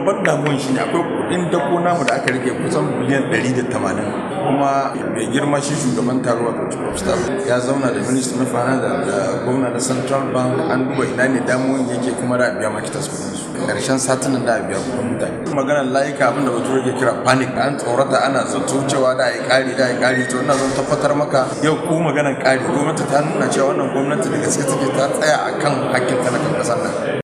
babban damuwan shi ne akwai kudin dako namu da aka rike kusan miliyan 180 kuma mai girma shi shugaban taruwa da professor ya zauna da minista na fana da gwamna na central bank an duba ina ne damuwan yake kuma da biya makitas kudin su karshen satin da biya kuma mutane maganar layuka abin da bature yake kira panic an tsorata ana zato cewa da ai kari da ai kari to ina zan tabbatar maka yau ko maganar kari gwamnati ta nuna cewa wannan gwamnati da gaske take ta tsaya akan hakkin na kasa